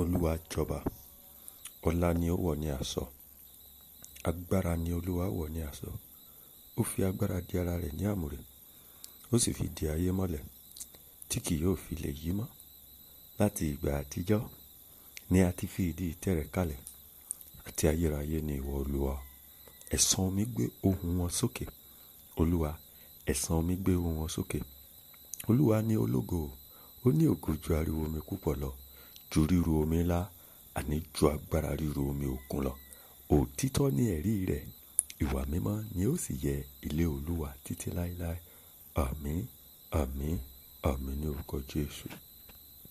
olúwa jọba ọlá ni ó wọ̀ ní aṣọ agbára ni olúwa wọ̀ ní aṣọ ó fi agbára di ara rẹ̀ ní àmùrè ó sì fi di ayé mọ́lẹ̀ tí kì yóò fi lè yí mọ́ láti ìgbà àtijọ́ ni a ti fi ìdí ìtẹ́ rẹ̀ àti ayérayé ni ìwọ olúwa ẹ̀sán omi gbé ohùn wọn sókè olúwa ẹ̀sán omi gbé ohùn wọn sókè olúwa ní ológo ó ní ògo ariwo omi púpọ̀ lọ ju ríru omi ńlá àní ju agbára ríru omi òkun lọ òtítọ́ ni ẹ̀rí rẹ̀ ìwà mímọ́ ni ó sì yẹ ilé olúwa títí láéláé àmín àmín àmín ní orúkọ jésù.